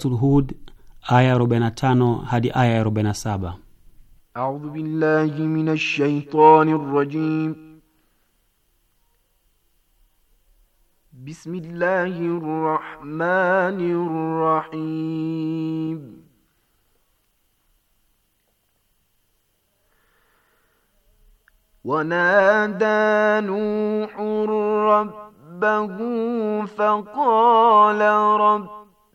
suratul Hud aya ya 45 hadi aya ya 47. A'udhu billahi minash shaitanir rajim. Bismillahir rahmanir rahim. ونادى نوح ربه فقال رب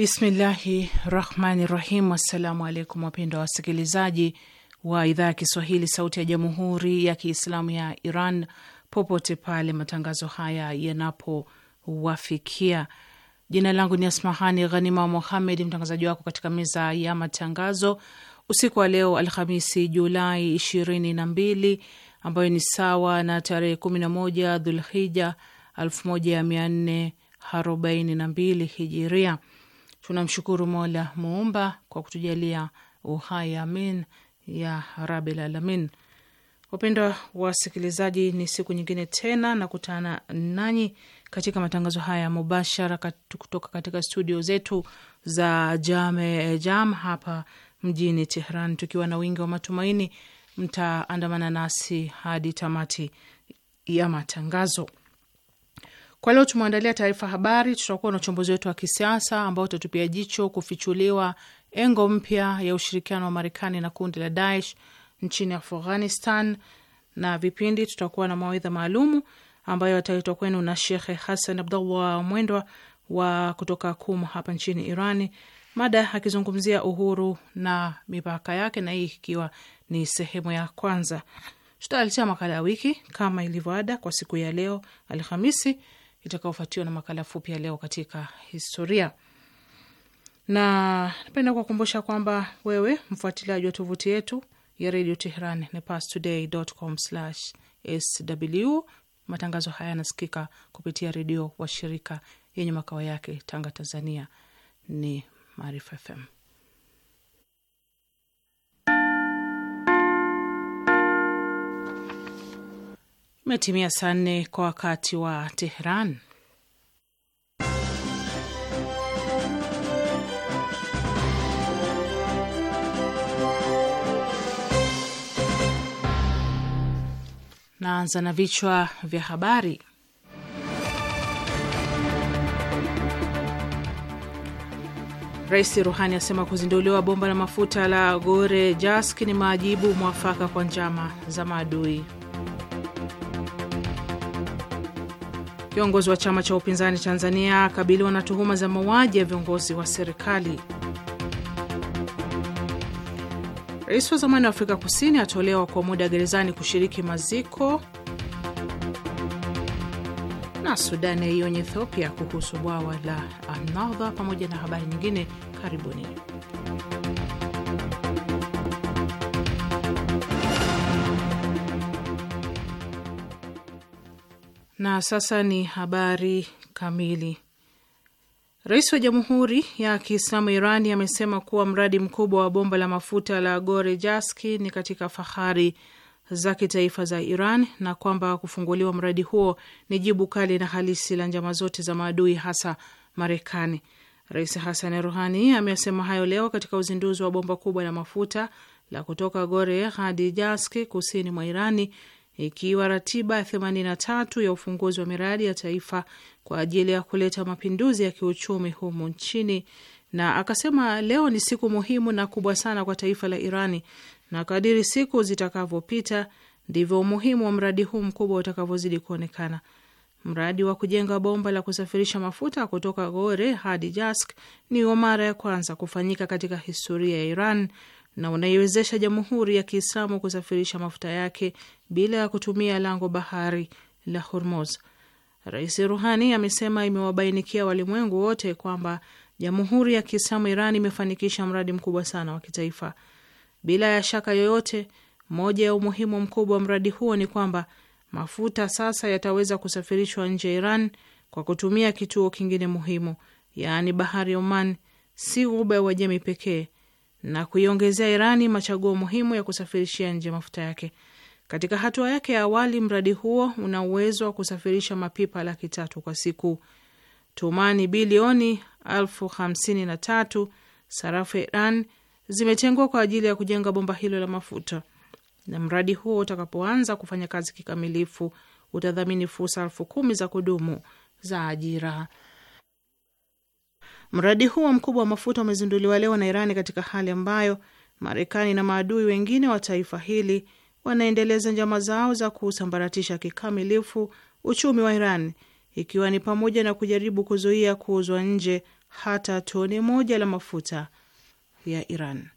Bismillahi rahmani rahim. Assalamu alaikum wapendwa wa wasikilizaji wa idhaa ya Kiswahili sauti ya jamhuri ya Kiislamu ya Iran popote pale matangazo haya yanapowafikia. Jina langu ni Asmahani Ghanima muhammed mtangazaji wako katika meza ya matangazo usiku wa leo Alhamisi Julai ishirini na mbili ambayo ni sawa na tarehe kumi na moja Dhulhija elfu moja mia nne arobaini na mbili hijiria. Tunamshukuru Mola muumba kwa kutujalia uhai, amin ya rabil alamin. Wapendwa wasikilizaji, ni siku nyingine tena na kutana nanyi katika matangazo haya mubashara kutoka katika studio zetu za Jame Jam hapa mjini Tehran, tukiwa na wingi wa matumaini mtaandamana nasi hadi tamati ya matangazo. Kwa leo tumeandalia taarifa habari, tutakuwa na uchambuzi wetu wa kisiasa ambao utatupia jicho kufichuliwa engo mpya ya ushirikiano wa Marekani na kundi la Daesh nchini Afghanistan, na vipindi tutakuwa na mawaidha maalumu ambayo ataletwa kwenu na Shekhe Hassan Abdullah Mwendwa wa kutoka Kum hapa nchini Irani, mada akizungumzia uhuru na mipaka yake, na hii ikiwa ni sehemu ya kwanza. Tutaletea makala ya wiki kama ilivyoada kwa siku ya leo Alhamisi itakayofuatiwa na makala fupi ya leo katika historia. Na napenda kuwakumbusha kwamba wewe mfuatiliaji wa tovuti yetu ya redio Tehran ni pastoday.com/sw. Matangazo haya yanasikika kupitia redio wa shirika yenye makao yake Tanga, Tanzania ni Maarifa FM. Umetimia saa nne kwa wakati wa Tehran. Naanza na vichwa vya habari. Rais Ruhani asema kuzinduliwa bomba la mafuta la Gore Jask ni majibu mwafaka kwa njama za maadui. Viongozi wa chama cha upinzani Tanzania akabiliwa na tuhuma za mauaji ya viongozi wa serikali. Rais wa zamani wa Afrika Kusini atolewa kwa muda gerezani kushiriki maziko. Na Sudani yaionya Ethiopia kuhusu bwawa la Anadha, pamoja na habari nyingine. Karibuni. Na sasa ni habari kamili. Rais wa Jamhuri ya Kiislamu Irani amesema kuwa mradi mkubwa wa bomba la mafuta la Gore Jaski ni katika fahari za kitaifa za Iran na kwamba kufunguliwa mradi huo ni jibu kali na halisi la njama zote za maadui, hasa Marekani. Rais Hassan Ruhani amesema hayo leo katika uzinduzi wa bomba kubwa la mafuta la kutoka Gore hadi Jaski kusini mwa Irani ikiwa ratiba ya tatu ya ufunguzi wa miradi ya taifa kwa ajili ya kuleta mapinduzi ya kiuchumi humu nchini, na akasema leo ni siku muhimu na kubwa sana kwa taifa la Irani, na kadiri siku zitakavyopita ndivyo umuhimu wa mradi huu mkubwa utakavyozidi kuonekana. Mradi wa kujenga bomba la kusafirisha mafuta kutoka Gore hadi Jask ni wa mara ya kwanza kufanyika katika historia ya Iran na unaiwezesha Jamhuri ya Kiislamu kusafirisha mafuta yake bila ya kutumia lango bahari la Hormuz. Rais Ruhani amesema imewabainikia walimwengu wote kwamba Jamhuri ya Kiislamu Iran imefanikisha mradi mkubwa sana wa kitaifa. Bila ya shaka yoyote, moja ya umuhimu mkubwa wa mradi huo ni kwamba mafuta sasa yataweza kusafirishwa nje ya Iran kwa kutumia kituo kingine muhimu, yaani bahari ya Oman, si ghuba ya Uajemi pekee na kuiongezea Irani machaguo muhimu ya kusafirishia nje mafuta yake. Katika hatua yake ya awali, mradi huo una uwezo wa kusafirisha mapipa laki tatu kwa siku. Tumani bilioni elfu hamsini na tatu sarafu ya Iran zimetengwa kwa ajili ya kujenga bomba hilo la mafuta, na mradi huo utakapoanza kufanya kazi kikamilifu utadhamini fursa elfu kumi za kudumu za ajira. Mradi huo mkubwa wa mafuta umezinduliwa leo na Irani katika hali ambayo Marekani na maadui wengine wa taifa hili wanaendeleza njama zao za kusambaratisha kikamilifu uchumi wa Iran, ikiwa ni pamoja na kujaribu kuzuia kuuzwa nje hata toni moja la mafuta ya Iran.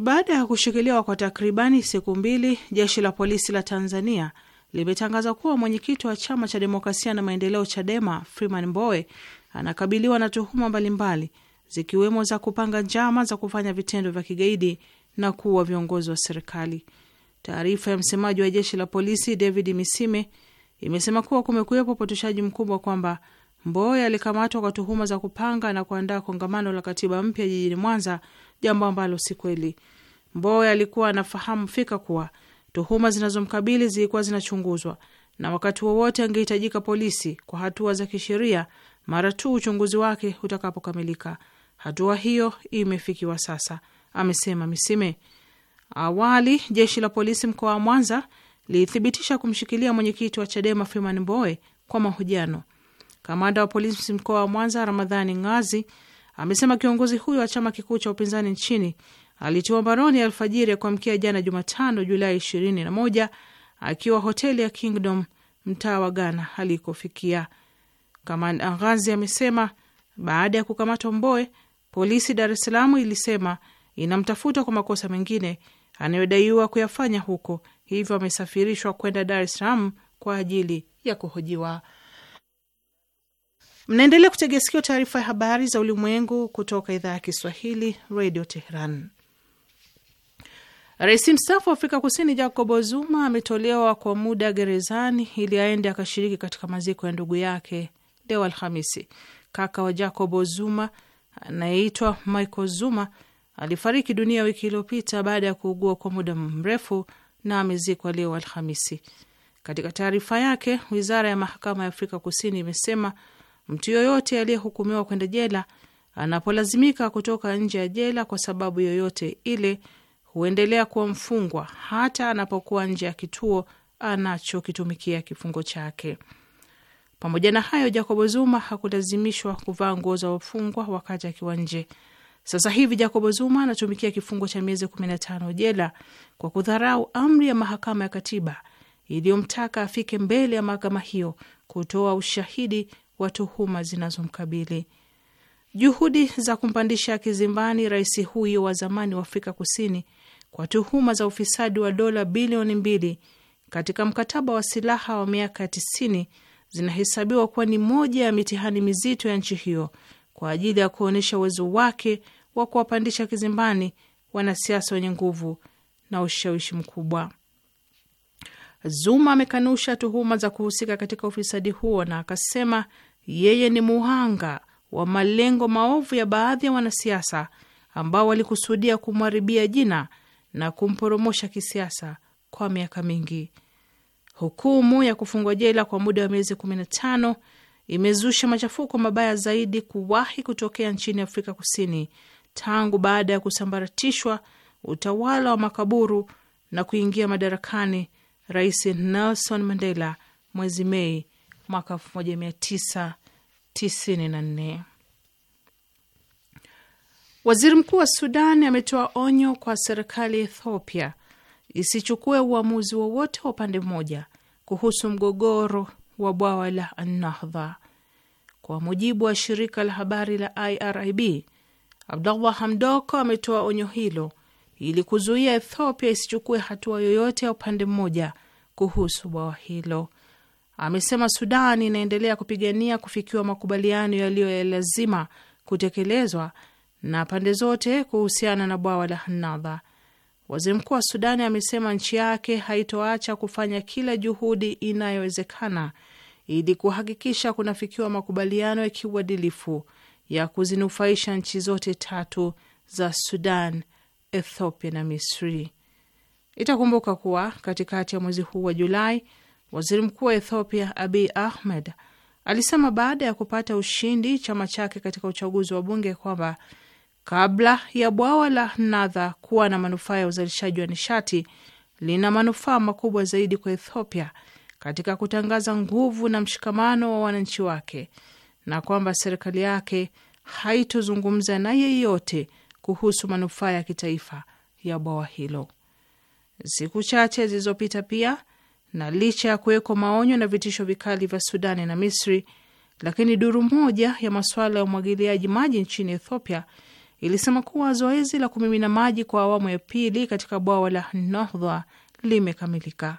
Baada ya kushikiliwa kwa takribani siku mbili, jeshi la polisi la Tanzania limetangaza kuwa mwenyekiti wa chama cha demokrasia na maendeleo, CHADEMA, Freeman Mbowe anakabiliwa na tuhuma mbalimbali zikiwemo za kupanga njama za kufanya vitendo vya kigaidi na kuwa viongozi wa serikali. Taarifa ya msemaji wa jeshi la polisi David Misime imesema kuwa kumekuwepo upotoshaji mkubwa kwamba Mboya alikamatwa kwa tuhuma za kupanga na kuandaa kongamano la katiba mpya jijini Mwanza, jambo ambalo si kweli. Mboya alikuwa anafahamu fika kuwa tuhuma zinazomkabili zilikuwa zinachunguzwa na wakati wowote angehitajika polisi kwa hatua za kisheria mara tu uchunguzi wake utakapokamilika. Hatua hiyo imefikiwa sasa, amesema Misime. Awali jeshi la polisi mkoa wa Mwanza lilithibitisha kumshikilia mwenyekiti wa CHADEMA Freeman Mbowe kwa mahojiano. Kamanda wa polisi mkoa wa Mwanza Ramadhani Ngazi amesema kiongozi huyo wa chama kikuu cha upinzani nchini alitiwa mbaroni alfajiri ya kuamkia jana Jumatano, Julai 21 akiwa hoteli ya Kingdom mtaa wa Ghana alikofikia. Kamanda Angazi amesema baada ya kukamatwa Mboe, polisi Dar es Salaam ilisema inamtafuta kwa makosa mengine anayodaiwa kuyafanya huko, hivyo amesafirishwa kwenda Dar es Salaam kwa ajili ya kuhojiwa. Mnaendelea kutegea sikio taarifa ya habari za ulimwengu kutoka idhaa ya Kiswahili, Radio Tehran. Rais mstaafu wa Afrika Kusini Jacob Zuma ametolewa kwa muda gerezani ili aende akashiriki katika maziko ya ndugu yake leo Alhamisi. Kaka wa Jacobo Zuma anayeitwa Michael Zuma alifariki dunia wiki iliyopita baada ya kuugua kwa muda mrefu na amezikwa leo Alhamisi. Katika taarifa yake, wizara ya mahakama ya Afrika Kusini imesema mtu yoyote aliyehukumiwa kwenda jela anapolazimika kutoka nje ya jela kwa sababu yoyote ile huendelea kuwa mfungwa hata anapokuwa nje ya kituo anachokitumikia kifungo chake. Pamoja na hayo, Jacobo Zuma hakulazimishwa kuvaa nguo za wafungwa wakati akiwa nje. Sasa hivi Jacobo Zuma anatumikia kifungo cha miezi 15 jela kwa kudharau amri ya mahakama ya katiba iliyomtaka afike mbele ya mahakama hiyo kutoa ushahidi wa tuhuma zinazomkabili. Juhudi za kumpandisha kizimbani rais huyo wa zamani wa Afrika Kusini kwa tuhuma za ufisadi wa dola bilioni mbili katika mkataba wa silaha wa miaka ya tisini zinahesabiwa kuwa ni moja ya mitihani mizito ya nchi hiyo kwa ajili ya kuonyesha uwezo wake wa kuwapandisha kizimbani wanasiasa wenye nguvu na ushawishi mkubwa. Zuma amekanusha tuhuma za kuhusika katika ufisadi huo na akasema yeye ni muhanga wa malengo maovu ya baadhi ya wanasiasa ambao walikusudia kumharibia jina na kumporomosha kisiasa kwa miaka mingi. Hukumu ya kufungwa jela kwa muda wa miezi 15 imezusha machafuko mabaya zaidi kuwahi kutokea nchini Afrika Kusini tangu baada ya kusambaratishwa utawala wa makaburu na kuingia madarakani Rais Nelson Mandela mwezi Mei mwaka 1994. Waziri mkuu wa Sudani ametoa onyo kwa serikali ya Ethiopia isichukue uamuzi wowote wa upande mmoja kuhusu mgogoro wa bwawa la Nahdha. Kwa mujibu wa shirika la habari la IRIB, Abdallah Hamdoko ametoa onyo hilo ili kuzuia Ethiopia isichukue hatua yoyote ya upande mmoja kuhusu bwawa hilo. Amesema Sudan inaendelea kupigania kufikiwa makubaliano yaliyo ya lazima kutekelezwa na pande zote kuhusiana na bwawa la nahdha Waziri mkuu wa Sudani amesema nchi yake haitoacha kufanya kila juhudi inayowezekana ili kuhakikisha kunafikiwa makubaliano ya kiuadilifu ya kuzinufaisha nchi zote tatu za Sudan, Ethiopia na Misri. Itakumbuka kuwa katikati ya mwezi huu wa Julai, waziri mkuu wa Ethiopia Abiy Ahmed alisema baada ya kupata ushindi chama chake katika uchaguzi wa bunge kwamba kabla ya bwawa la nadha kuwa na manufaa ya uzalishaji wa nishati, lina manufaa makubwa zaidi kwa Ethiopia katika kutangaza nguvu na mshikamano wa wananchi wake, na kwamba serikali yake haitozungumza na yeyote kuhusu manufaa ya kitaifa ya bwawa hilo. Siku chache zilizopita pia, na licha ya kuwekwa maonyo na vitisho vikali vya Sudani na Misri, lakini duru moja ya masuala ya umwagiliaji maji nchini Ethiopia ilisema kuwa zoezi la kumimina maji kwa awamu ya pili katika bwawa la Nahdha limekamilika.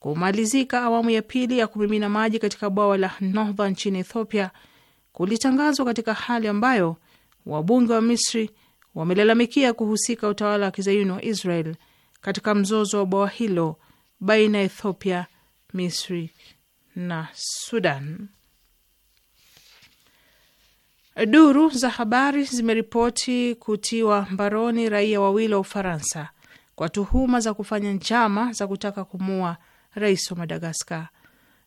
Kumalizika awamu ya pili ya kumimina maji katika bwawa la Nahdha nchini Ethiopia kulitangazwa katika hali ambayo wabunge wa Misri wamelalamikia kuhusika utawala wa kizayuni wa Israel katika mzozo wa bwawa hilo baina ya Ethiopia, Misri na Sudan. Duru za habari zimeripoti kutiwa mbaroni raia wawili wa Ufaransa kwa tuhuma za kufanya njama za kutaka kumua rais wa Madagaskar.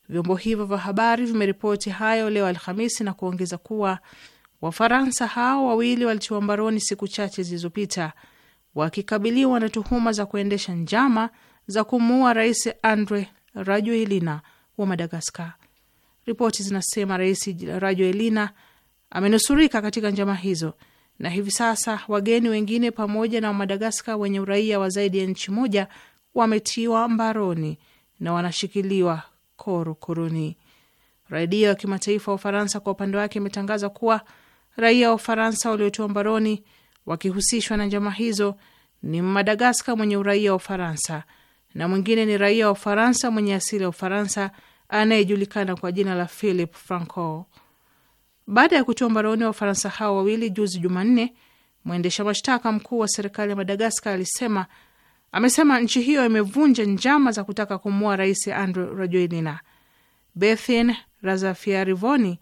Vyombo hivyo vya habari vimeripoti hayo leo Alhamisi na kuongeza kuwa Wafaransa hao wawili walitiwa mbaroni siku chache zilizopita wakikabiliwa na tuhuma za kuendesha njama za kumuua rais Andre Rajoelina wa Madagaskar. Ripoti zinasema rais Rajoelina amenusurika katika njama hizo, na hivi sasa wageni wengine pamoja na Wamadagaskar wenye uraia wa zaidi ya nchi moja wametiwa mbaroni na wanashikiliwa korokoroni. Redio ya kimataifa wa Ufaransa kwa upande wake imetangaza kuwa raia wa Ufaransa waliotiwa mbaroni wakihusishwa na njama hizo ni Madagaskar mwenye uraia wa Ufaransa na mwingine ni raia wa Ufaransa mwenye asili ya Ufaransa anayejulikana kwa jina la Philip Franco. Baada ya kutia mbaroni wa Ufaransa hao wawili juzi Jumanne, mwendesha mashtaka mkuu wa serikali ya Madagaskar alisema amesema nchi hiyo imevunja njama za kutaka kumua rais Andry Rajoelina. Bethin Razafiarivoni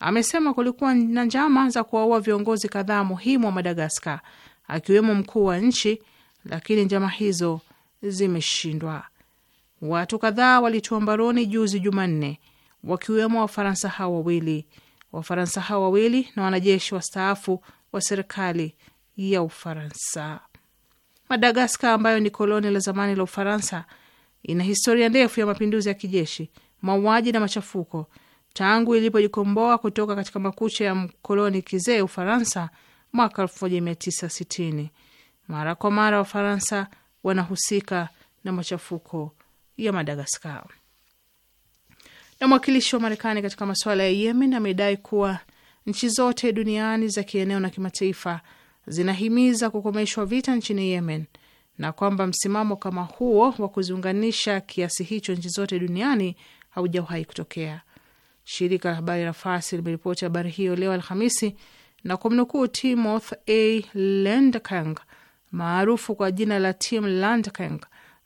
amesema kulikuwa na njama za kuwaua viongozi kadhaa muhimu wa Madagaskar akiwemo mkuu wa nchi, lakini njama hizo zimeshindwa. Watu kadhaa walitiwa mbaroni juzi Jumanne, wakiwemo Wafaransa hao wawili Wafaransa hao wawili na wanajeshi wastaafu wa serikali ya Ufaransa. Madagaskar ambayo ni koloni la zamani la Ufaransa ina historia ndefu ya mapinduzi ya kijeshi, mauaji na machafuko tangu ilipojikomboa kutoka katika makucha ya mkoloni kizee Ufaransa mwaka 1960. Mara kwa mara Wafaransa wanahusika na machafuko ya Madagaskar na mwakilishi wa Marekani katika masuala ya Yemen amedai kuwa nchi zote duniani za kieneo na kimataifa zinahimiza kukomeshwa vita nchini Yemen na kwamba msimamo kama huo wa kuziunganisha kiasi hicho nchi zote duniani haujawahi kutokea. Shirika la habari la Fasi limeripoti habari hiyo leo Alhamisi na kumnukuu Timothy A Landkang maarufu kwa jina la Tim Landkang,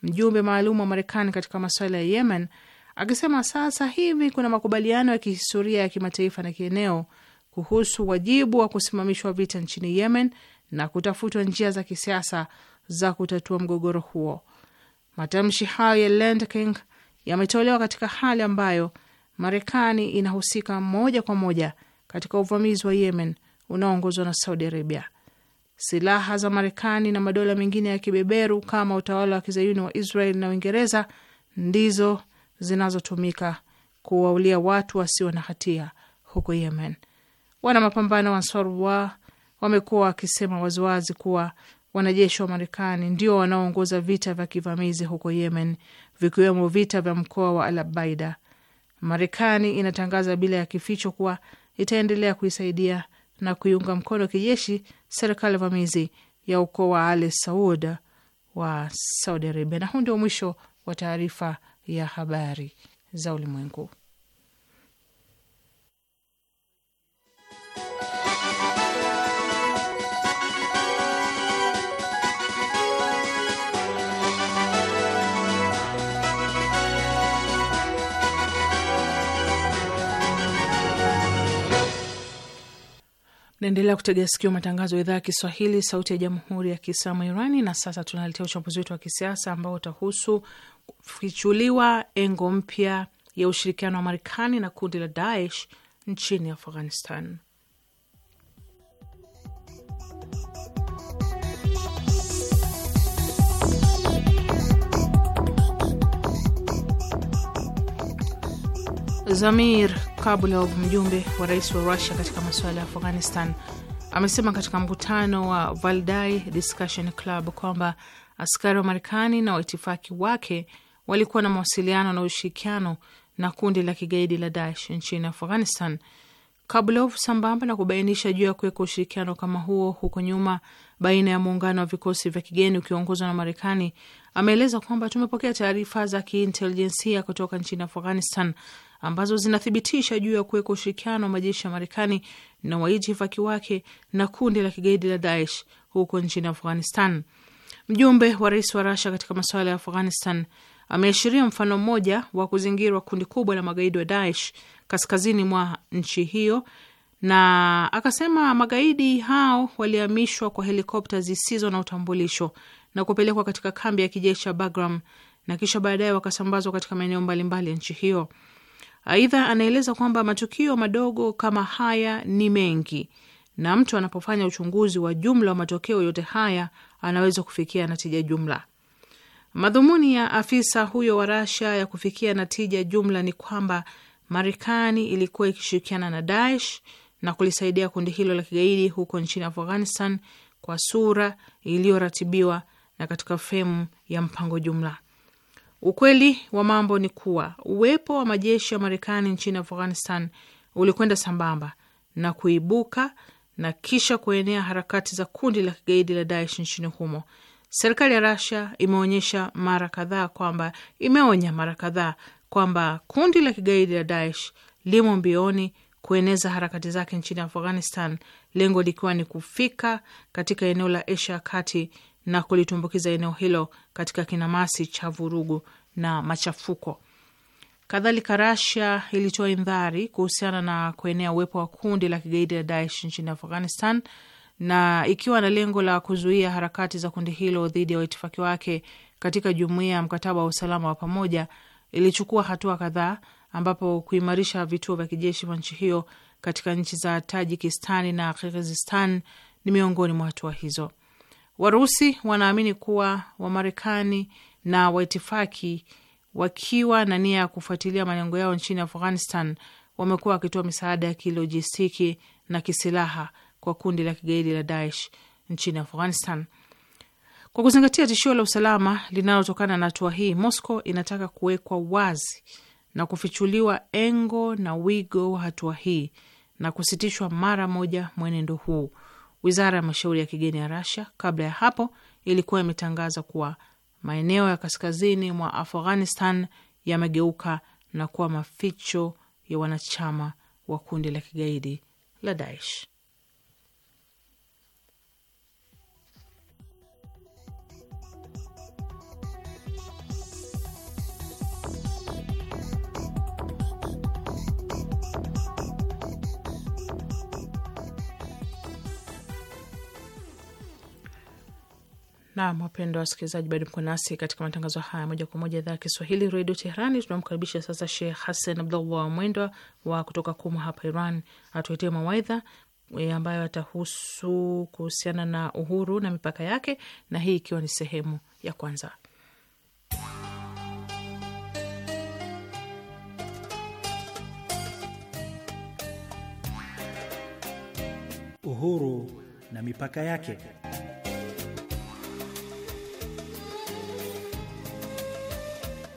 mjumbe maalum wa Marekani katika masuala ya Yemen akisema sasa hivi kuna makubaliano ya kihistoria ya kimataifa na kieneo kuhusu wajibu wa kusimamishwa vita nchini Yemen na kutafutwa njia za kisiasa za kutatua mgogoro huo. Matamshi hayo ya Lendking yametolewa katika hali ambayo Marekani inahusika moja kwa moja katika uvamizi wa Yemen unaoongozwa na Saudi Arabia. Silaha za Marekani na madola mengine ya kibeberu kama utawala wa kizayuni wa Israel na Uingereza ndizo zinazotumika kuwaulia watu wasio na hatia huko Yemen. Wana mapambano wa Ansarullah wamekuwa wakisema waziwazi kuwa wanajeshi wa Marekani ndio wanaoongoza vita vya kivamizi huko Yemen, vikiwemo vita vya mkoa wa Alabaida. Marekani inatangaza bila ya kificho kuwa itaendelea kuisaidia na kuiunga mkono kijeshi serikali vamizi ya ukoo wa Al Saud wa Saudi Arabia. Na huu ndio mwisho wa taarifa ya habari za ulimwengu. Naendelea kutega sikio matangazo ya idhaa ya Kiswahili, sauti ya jamhuri ya kiislamu Irani. Na sasa tunaletea uchambuzi wetu wa kisiasa ambao utahusu kufichuliwa engo mpya ya ushirikiano wa Marekani na kundi la Daesh nchini Afghanistan. Zamir Kabulov, mjumbe wa rais wa Rusia katika masuala ya Afghanistan, amesema katika mkutano wa Valdai Discussion Club kwamba askari wa Marekani na waitifaki wake walikuwa na mawasiliano na ushirikiano na kundi la kigaidi la Daesh nchini Afghanistan. Kabulov, sambamba na kubainisha juu ya kuweka ushirikiano kama huo huko nyuma baina ya muungano wa vikosi vya kigeni ukiongozwa na Marekani, ameeleza kwamba tumepokea taarifa za kiintelijensia kutoka nchini Afghanistan ambazo zinathibitisha juu ya kuweka ushirikiano wa majeshi ya Marekani na waitifaki wake na kundi la kigaidi la Daesh huko nchini Afghanistan. Mjumbe wa rais wa Rasha katika masuala ya Afghanistan ameashiria mfano mmoja wa kuzingirwa kundi kubwa la magaidi wa Daesh kaskazini mwa nchi hiyo, na akasema magaidi hao walihamishwa kwa helikopta zisizo na utambulisho na kupelekwa katika kambi ya kijeshi ya Bagram na kisha baadaye wakasambazwa katika maeneo mbalimbali ya nchi hiyo. Aidha, anaeleza kwamba matukio madogo kama haya ni mengi na mtu anapofanya uchunguzi wa jumla wa matokeo yote haya anaweza kufikia natija jumla. Madhumuni ya afisa huyo wa rasia ya kufikia natija jumla ni kwamba Marekani ilikuwa ikishirikiana na Daesh na kulisaidia kundi hilo la kigaidi huko nchini Afghanistan kwa sura iliyoratibiwa na katika fremu ya mpango jumla. Ukweli wa mambo ni kuwa uwepo wa majeshi ya Marekani nchini Afghanistan ulikwenda sambamba na kuibuka na kisha kuenea harakati za kundi la kigaidi la Daesh nchini humo. Serikali ya rasia imeonyesha mara kadhaa kwamba imeonya mara kadhaa kwamba kundi la kigaidi la Daesh limo mbioni kueneza harakati zake nchini Afghanistan, lengo likiwa ni kufika katika eneo la Asia ya kati na kulitumbukiza eneo hilo katika kinamasi cha vurugu na machafuko. Kadhalika, Rasia ilitoa indhari kuhusiana na kuenea uwepo wa kundi la kigaidi la Daesh nchini Afghanistan, na ikiwa na lengo la kuzuia harakati za kundi hilo dhidi ya waitifaki wake katika jumuiya ya mkataba wa usalama wa pamoja, ilichukua hatua kadhaa, ambapo kuimarisha vituo vya kijeshi vya nchi hiyo katika nchi za Tajikistani na Kirgizistan ni miongoni mwa hatua hizo. Warusi wanaamini kuwa Wamarekani na waitifaki wakiwa na nia ya kufuatilia malengo yao nchini Afghanistan wamekuwa wakitoa misaada ya kilojistiki na kisilaha kwa kundi la kigaidi la Daesh nchini Afghanistan. Kwa kuzingatia tishio la usalama linalotokana na hatua hii, Moscow inataka kuwekwa wazi na kufichuliwa engo na wigo wa hatua hii na kusitishwa mara moja mwenendo huu. Wizara ya mashauri ya kigeni ya rasia kabla ya hapo ilikuwa imetangaza kuwa maeneo ya kaskazini mwa Afghanistan yamegeuka na kuwa maficho ya wanachama wa kundi la kigaidi la Daesh. Naam, wapendwa wasikilizaji, bado mko nasi katika matangazo haya moja kwa moja idhaa ya Kiswahili redio Teherani. Tunamkaribisha sasa Sheikh Hassan Abdullah Mwendwa wa kutoka Kuma hapa Iran atuetee mawaidha eh, ambayo atahusu kuhusiana na uhuru na mipaka yake, na hii ikiwa ni sehemu ya kwanza. Uhuru na mipaka yake.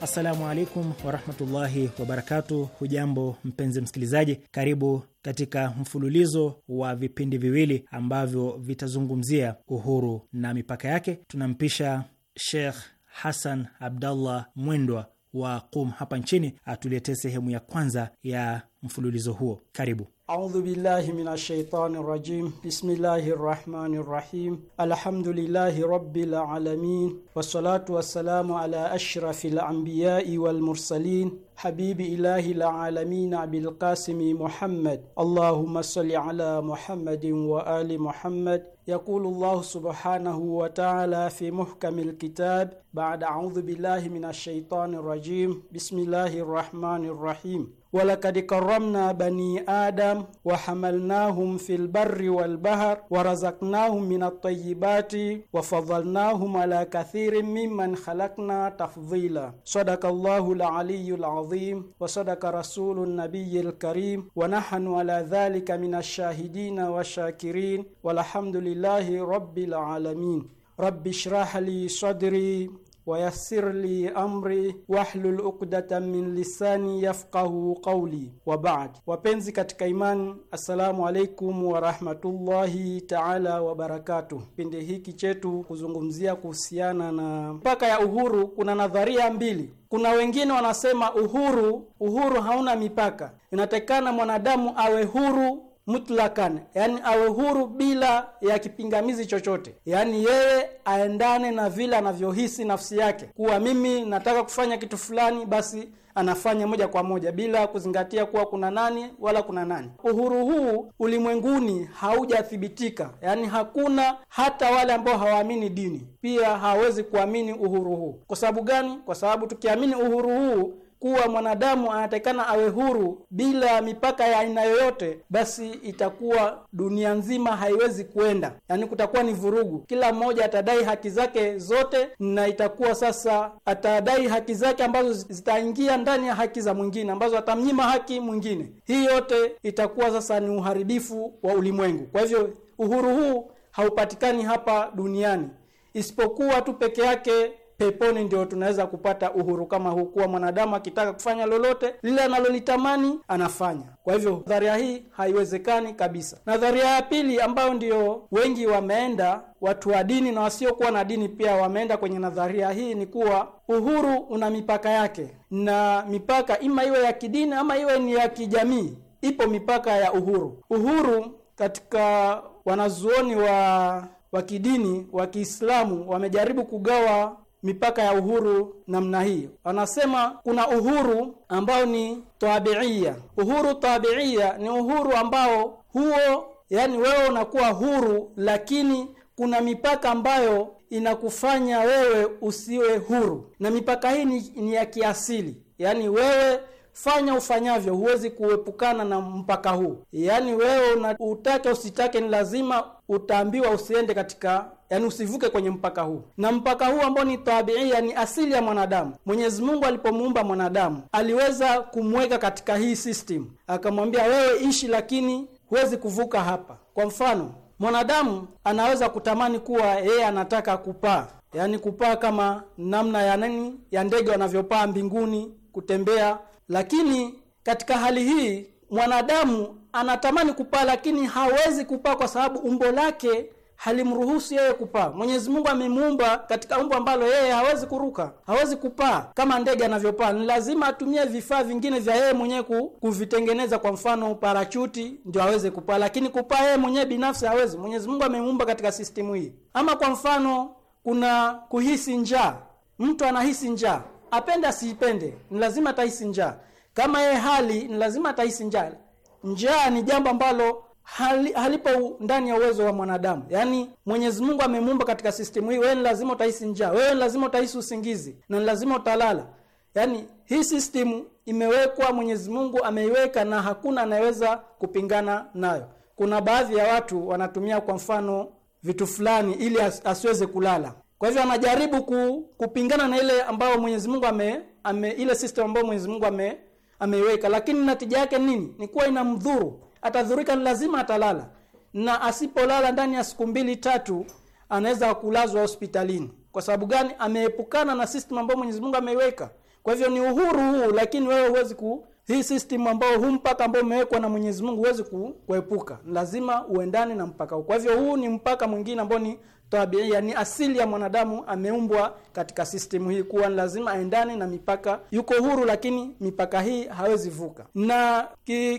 Assalamu alaikum warahmatullahi wabarakatu Hujambo mpenzi msikilizaji, karibu katika mfululizo wa vipindi viwili ambavyo vitazungumzia uhuru na mipaka yake. Tunampisha Sheikh hasan Abdallah Mwendwa wa Qum hapa nchini atuletee sehemu ya kwanza ya mfululizo huo. Karibu. أعوذ بالله من الشيطان الرجيم بسم الله الرحمن الرحيم الحمد لله رب العالمين والصلاة والسلام على أشرف الأنبياء والمرسلين حبيب إله العالمين أبي القاسم محمد اللهم صل على محمد وآل محمد يقول الله سبحانه وتعالى في محكم الكتاب بعد أعوذ بالله من الشيطان الرجيم بسم الله الرحمن الرحيم ولقد كرمنا بني آدم والسلام وحملناهم في البر والبحر ورزقناهم من الطيبات وفضلناهم على كثير ممن خلقنا تفضيلا صدق الله العلي العظيم وصدق رسول النبي الكريم ونحن على ذلك من الشاهدين والشاكرين والحمد لله رب العالمين رب اشرح لي صدري wayassir li amri wahlul uqdatan min lisani yafqahu qawli. Wa baad, wapenzi katika imani, assalamu alaikum warahmatullahi taala wabarakatuh. Kipindi hiki chetu kuzungumzia kuhusiana na mipaka ya uhuru, kuna nadharia mbili. Kuna wengine wanasema uhuru, uhuru hauna mipaka, inatakikana mwanadamu awe huru mutlakan, yani awe huru bila ya kipingamizi chochote, yani yeye aendane na vile anavyohisi nafsi yake kuwa mimi nataka kufanya kitu fulani, basi anafanya moja kwa moja bila kuzingatia kuwa kuna nani wala kuna nani. Uhuru huu ulimwenguni haujathibitika, yaani hakuna hata wale ambao hawaamini dini pia hawawezi kuamini uhuru huu. Kwa sababu gani? Kwa sababu tukiamini uhuru huu kuwa mwanadamu anatakikana awe huru bila mipaka ya aina yoyote, basi itakuwa dunia nzima haiwezi kuenda, yaani kutakuwa ni vurugu. Kila mmoja atadai haki zake zote, na itakuwa sasa atadai haki zake ambazo zitaingia ndani ya haki za mwingine, ambazo atamnyima haki mwingine. Hii yote itakuwa sasa ni uharibifu wa ulimwengu. Kwa hivyo uhuru huu haupatikani hapa duniani isipokuwa tu peke yake peponi ndio tunaweza kupata uhuru kama huu, kuwa mwanadamu akitaka kufanya lolote lile analolitamani anafanya. Kwa hivyo nadharia hii haiwezekani kabisa. Nadharia ya pili ambayo ndio wengi wameenda watu wa dini na wasiokuwa na dini pia wameenda kwenye nadharia hii, ni kuwa uhuru una mipaka yake, na mipaka ima iwe ya kidini ama iwe ni ya kijamii. Ipo mipaka ya uhuru. Uhuru katika wanazuoni wa wa kidini wa Kiislamu wamejaribu kugawa mipaka ya uhuru namna hiyo. Anasema kuna uhuru ambao ni tabiia. Uhuru tabiia ni uhuru ambao huo, yani wewe unakuwa huru, lakini kuna mipaka ambayo inakufanya wewe usiwe huru, na mipaka hii ni, ni ya kiasili, yani wewe fanya ufanyavyo huwezi kuepukana na mpaka huu, yaani wewe utake usitake, ni lazima utaambiwa usiende katika yani usivuke kwenye mpaka huu. Na mpaka huu ambao ni tabiia, ni asili ya mwanadamu. Mwenyezi Mungu alipomuumba mwanadamu aliweza kumweka katika hii system, akamwambia wewe ishi, lakini huwezi kuvuka hapa. Kwa mfano, mwanadamu anaweza kutamani kuwa yeye anataka kupaa, yani kupaa kama namna ya nani ya ndege wanavyopaa mbinguni, kutembea. Lakini katika hali hii mwanadamu anatamani kupaa, lakini hawezi kupaa kwa sababu umbo lake halimruhusu yeye kupaa. Mwenyezi Mungu amemuumba katika umbo ambalo yeye hawezi kuruka, hawezi kupaa kama ndege anavyopaa. Ni lazima atumie vifaa vingine vya yeye mwenyewe ku, kuvitengeneza, kwa mfano parachuti, ndio aweze kupaa, lakini kupaa yeye mwenyewe binafsi hawezi. Mwenyezi Mungu amemuumba katika sistimu hii. Ama kwa mfano kuna kuhisi njaa, mtu anahisi njaa, apende asiipende, ni lazima atahisi njaa. Kama yeye hali, ni lazima atahisi njaa. Njaa ni jambo ambalo hali, halipo ndani ya uwezo wa mwanadamu. Yaani Mwenyezi Mungu amemuumba katika sistemu hii, wewe ni lazima utahisi njaa, wewe ni lazima utahisi usingizi na ni lazima utalala. Yaani hii sistemu imewekwa, Mwenyezi Mungu ameiweka na hakuna anayeweza kupingana nayo. Kuna baadhi ya watu wanatumia kwa mfano vitu fulani ili as, asiweze kulala. Kwa hivyo anajaribu ku, kupingana na ile ambayo Mwenyezi Mungu ame, ame ile system ambayo Mwenyezi Mungu ame ameiweka, lakini natija yake nini? Ni kuwa inamdhuru atadhurika ni lazima atalala na asipolala ndani ya siku mbili tatu anaweza kulazwa hospitalini kwa sababu gani ameepukana na system ambayo Mwenyezi Mungu ameiweka kwa hivyo ni uhuru huu lakini wewe huwezi ku hii system ambayo huu mpaka ambao umewekwa na Mwenyezi Mungu huwezi kuepuka lazima uendane na mpaka huu kwa hivyo huu ni mpaka mwingine ambao ni tabia, yani asili ya mwanadamu ameumbwa katika system hii kuwa lazima aendane na mipaka. Yuko huru, lakini mipaka hii hawezi vuka. Na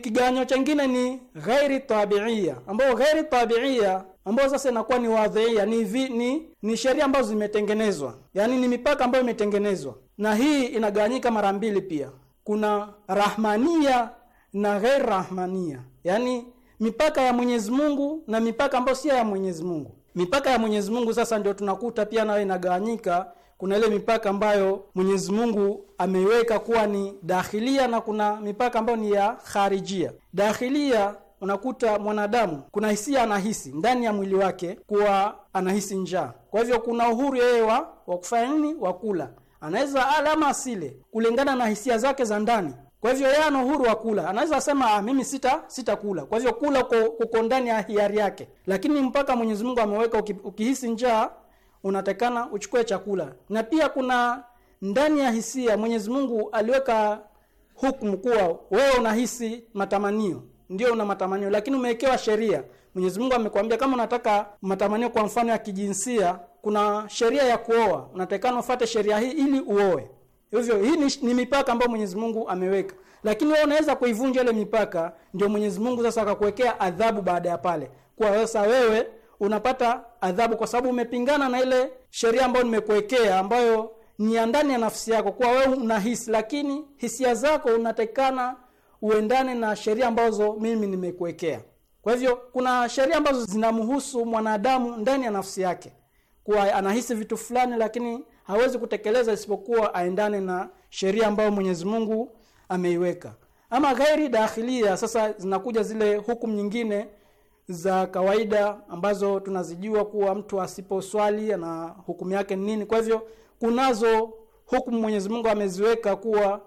kigawanyo chengine ni ghairi tabiia, ambayo ghairi tabiia ambayo sasa inakuwa ni wadhia, ni vi, ni, ni sheria ambazo zimetengenezwa, yani ni mipaka ambayo imetengenezwa, na hii inagawanyika mara mbili pia. Kuna rahmania na ghairi rahmania, yani mipaka ya Mwenyezi Mungu na mipaka ambayo si ya Mwenyezi Mungu. Mipaka ya Mwenyezi Mungu sasa ndio tunakuta pia nayo inagawanyika. Kuna ile mipaka ambayo Mwenyezi Mungu ameiweka kuwa ni dakhilia na kuna mipaka ambayo ni ya kharijia. Dakhilia unakuta mwanadamu kuna hisia anahisi ndani ya mwili wake kuwa anahisi njaa, kwa hivyo kuna uhuru yeye wa kufanya nini, wa kula, anaweza ala ama asile kulingana na hisia zake za ndani. Kwa hivyo yeye ana uhuru wa kula. Anaweza kusema ah, mimi sita sitakula. Kwa hivyo kula kuko ndani ya hiari yake. Lakini mpaka Mwenyezi Mungu ameweka ukihisi njaa unatakana uchukue chakula. Na pia kuna ndani ya hisia Mwenyezi Mungu aliweka hukumu kuwa wewe unahisi matamanio ndio una matamanio lakini umewekewa sheria. Mwenyezi Mungu amekwambia kama unataka matamanio kwa mfano ya kijinsia kuna sheria ya kuoa. Unatakana ufate sheria hii ili uoe. Hivyo hii ni, ni mipaka ambayo Mwenyezi Mungu ameweka. Lakini wewe unaweza kuivunja ile mipaka, ndio Mwenyezi Mungu sasa akakuwekea adhabu baada ya pale. Kwa sasa wewe unapata adhabu kwa sababu umepingana na ile sheria ambayo nimekuwekea ambayo ni ya ndani ya nafsi yako kuwa wewe unahisi, lakini hisia zako unatakikana uendane na sheria ambazo mimi nimekuwekea. Kwa hivyo kuna sheria ambazo zinamhusu mwanadamu ndani ya nafsi yake kuwa anahisi vitu fulani, lakini hawezi kutekeleza isipokuwa aendane na sheria ambayo Mwenyezi Mungu ameiweka. Ama ghairi dakhilia, sasa zinakuja zile hukumu nyingine za kawaida ambazo tunazijua kuwa mtu asiposwali na hukumu yake ni nini. Kwa hivyo kunazo hukumu Mwenyezi Mungu ameziweka kuwa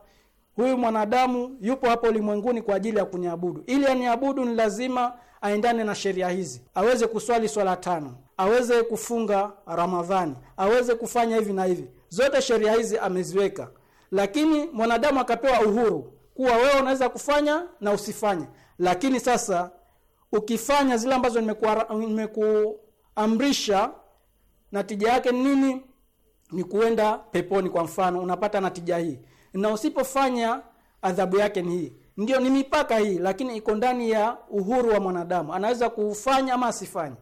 huyu mwanadamu yupo hapo ulimwenguni kwa ajili ya kuniabudu. Ili aniabudu ni lazima aendane na sheria hizi, aweze kuswali swala tano, aweze kufunga Ramadhani, aweze kufanya hivi na hivi. Zote sheria hizi ameziweka, lakini mwanadamu akapewa uhuru kuwa wewe unaweza kufanya na usifanye. Lakini sasa ukifanya zile ambazo nimekuamrisha, natija yake nini? Ni kuenda peponi. Kwa mfano, unapata natija hii, na usipofanya adhabu yake ni hii. Ndio, ni mipaka hii, lakini iko ndani ya uhuru wa mwanadamu, anaweza kufanya ama asifanye.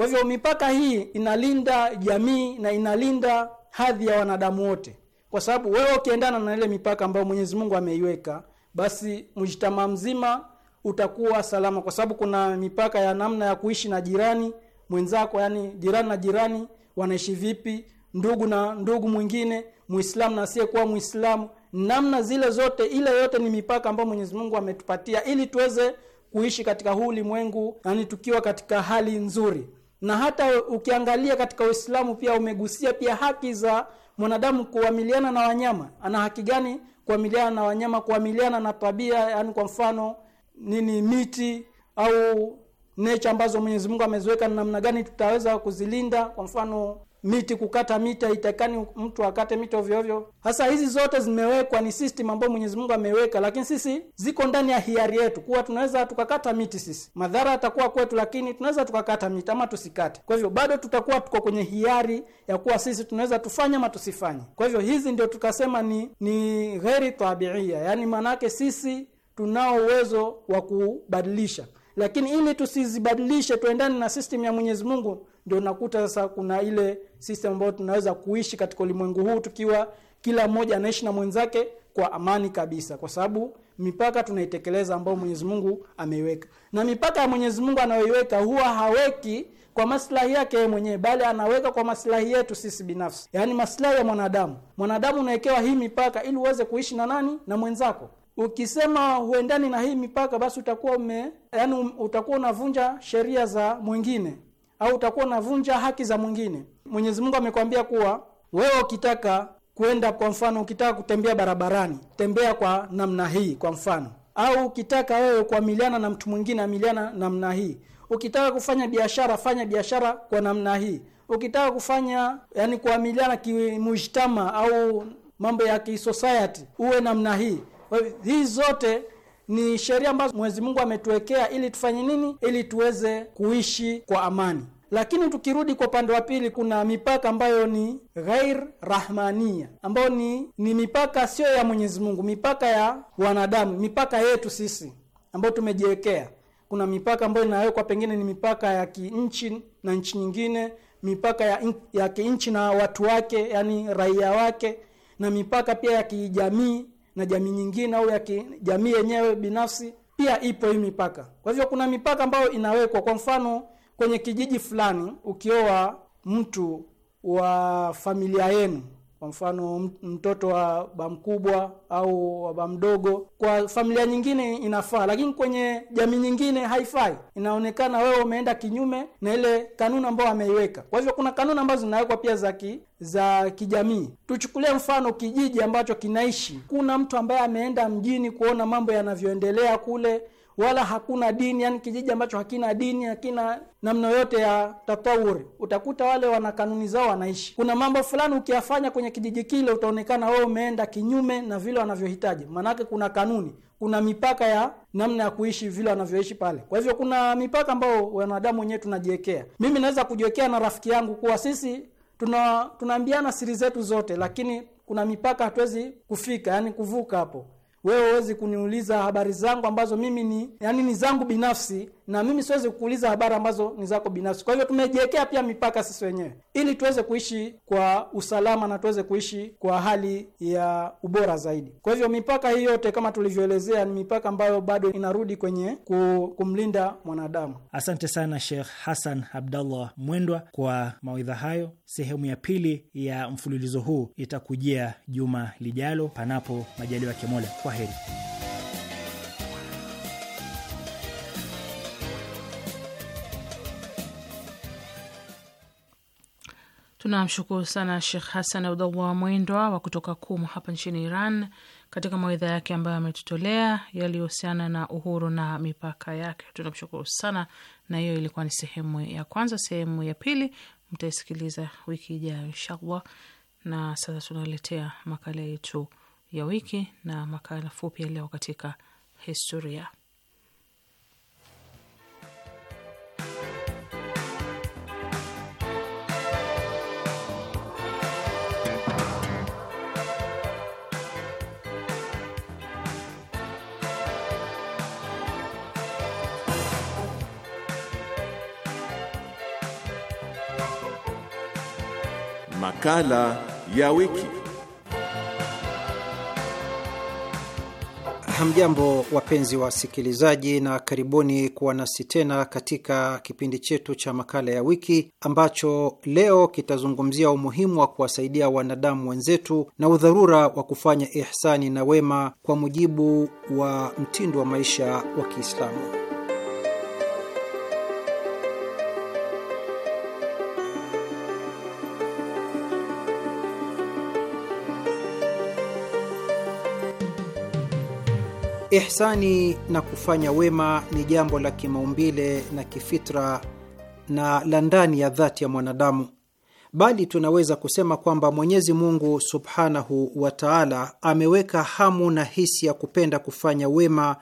Kwa hivyo mipaka hii inalinda jamii na inalinda hadhi ya wanadamu wote, kwa sababu wewe ukiendana na ile mipaka ambayo Mwenyezi Mungu ameiweka, basi mjitamaa mzima utakuwa salama, kwa sababu kuna mipaka ya namna ya kuishi na jirani mwenzako, yani jirani na jirani wanaishi vipi, ndugu na ndugu mwingine, Muislamu na asiyekuwa Muislamu, namna zile zote, ile yote ni mipaka ambayo Mwenyezi Mungu ametupatia ili tuweze kuishi katika huu ulimwengu, yani tukiwa katika hali nzuri na hata ukiangalia katika Uislamu pia umegusia pia haki za mwanadamu kuamiliana na wanyama. Ana haki gani kuamiliana na wanyama, kuamiliana na tabia, yani kwa mfano nini, miti au necha ambazo Mwenyezi Mungu ameziweka, na namna gani tutaweza kuzilinda, kwa mfano miti kukata miti haitakani mtu akate miti ovyo ovyo. Hasa hizi zote zimewekwa, ni system ambayo Mwenyezi Mungu ameweka, lakini sisi ziko ndani ya hiari yetu kuwa tunaweza tukakata miti sisi, madhara yatakuwa kwetu, lakini tunaweza tukakata miti ama tusikate. Kwa hivyo bado tutakuwa tuko kwenye hiari ya kuwa sisi tunaweza tufanye ama tusifanye. Kwa hivyo hizi ndio tukasema ni ni gheri tabiia, yani maanake sisi tunao uwezo wa kubadilisha, lakini ili tusizibadilishe tuendane na system ya Mwenyezi Mungu ndio nakuta sasa kuna ile system ambayo tunaweza kuishi katika ulimwengu huu tukiwa kila mmoja anaishi na mwenzake kwa amani kabisa kwa sababu mipaka tunaitekeleza ambayo Mwenyezi Mungu ameiweka. Na mipaka ya Mwenyezi Mungu anayoiweka huwa haweki kwa maslahi yake yeye mwenyewe bali anaweka kwa maslahi yetu sisi binafsi. Yaani maslahi ya mwanadamu. Mwanadamu unawekewa hii mipaka ili uweze kuishi na nani? Na mwenzako. Ukisema huendani na hii mipaka basi utakuwa ume yani utakuwa unavunja sheria za mwingine au utakuwa unavunja haki za mwingine. Mwenyezi Mungu amekwambia kuwa wewe ukitaka kwenda, kwa mfano, ukitaka kutembea barabarani, tembea kwa namna hii, kwa mfano, au ukitaka wewe kuamiliana na mtu mwingine, amiliana namna hii. Ukitaka kufanya biashara, fanya biashara kwa namna hii. Ukitaka kufanya yani, kuamiliana kimujtama au mambo ya kisociety, uwe namna hii. Hizi zote ni sheria ambazo Mwenyezi Mungu ametuwekea ili tufanye nini? Ili tuweze kuishi kwa amani. Lakini tukirudi kwa upande wa pili, kuna mipaka ambayo ni ghair rahmania, ambayo ni, ni mipaka sio ya Mwenyezi Mungu, mipaka ya wanadamu, mipaka yetu sisi ambayo tumejiwekea. Kuna mipaka ambayo inawekwa, pengine ni mipaka ya kinchi na nchi nyingine, mipaka ya, in, ya kinchi na watu wake, yani raia wake, na mipaka pia ya kijamii na jamii nyingine au ya jamii yenyewe binafsi pia ipo hii mipaka. Kwa hivyo kuna mipaka ambayo inawekwa, kwa mfano kwenye kijiji fulani, ukioa mtu wa familia yenu kwa mfano mtoto wa ba mkubwa au wa ba mdogo. Kwa familia nyingine inafaa, lakini kwenye jamii nyingine haifai. Inaonekana wewe umeenda kinyume na ile kanuni ambayo ameiweka. Kwa hivyo kuna kanuni ambazo zinawekwa pia za ki, za kijamii. Tuchukulie mfano kijiji ambacho kinaishi, kuna mtu ambaye ameenda mjini kuona mambo yanavyoendelea kule wala hakuna dini, yani kijiji ambacho hakina dini, hakina namna yote ya tatawuri. Utakuta wale wana kanuni zao wanaishi. Kuna mambo fulani ukiyafanya kwenye kijiji kile, utaonekana wewe umeenda kinyume na vile wanavyohitaji, maanake kuna kanuni, kuna mipaka ya namna ya kuishi vile wanavyoishi pale. Kwa hivyo kuna mipaka ambayo wanadamu wenyewe tunajiwekea. Mimi naweza kujiwekea na rafiki yangu kuwa sisi tuna tunaambiana siri zetu zote, lakini kuna mipaka hatuwezi kufika, yani kuvuka hapo wewe huwezi kuniuliza habari zangu ambazo mimi ni yani ni zangu binafsi na mimi siwezi kukuuliza habari ambazo ni zako binafsi. Kwa hivyo tumejiwekea pia mipaka sisi wenyewe ili tuweze kuishi kwa usalama na tuweze kuishi kwa hali ya ubora zaidi. Kwa hivyo mipaka hii yote kama tulivyoelezea ni mipaka ambayo bado inarudi kwenye kumlinda mwanadamu. Asante sana Sheikh Hassan Abdallah Mwendwa kwa mawaidha hayo. Sehemu ya pili ya mfululizo huu itakujia juma lijalo, panapo majaliwa ya Mola. Kwa heri. Tunamshukuru sana Shekh Hasan Abdallah Mwendwa wa kutoka Kumu hapa nchini Iran katika mawaidha yake ambayo ametutolea yaliyohusiana na uhuru na mipaka yake. Tunamshukuru sana, na hiyo ilikuwa ni sehemu ya kwanza. Sehemu ya pili mtaisikiliza wiki ijayo inshallah. Na sasa tunaletea makala yetu ya wiki na makala fupi ya leo katika historia. Makala ya wiki. Hamjambo, wapenzi wa wasikilizaji, na karibuni kuwa nasi tena katika kipindi chetu cha makala ya wiki ambacho leo kitazungumzia umuhimu wa kuwasaidia wanadamu wenzetu na udharura wa kufanya ihsani na wema kwa mujibu wa mtindo wa maisha wa Kiislamu. Ihsani na kufanya wema ni jambo la kimaumbile na kifitra na la ndani ya dhati ya mwanadamu, bali tunaweza kusema kwamba Mwenyezi Mungu subhanahu wa taala ameweka hamu na hisi ya kupenda kufanya wema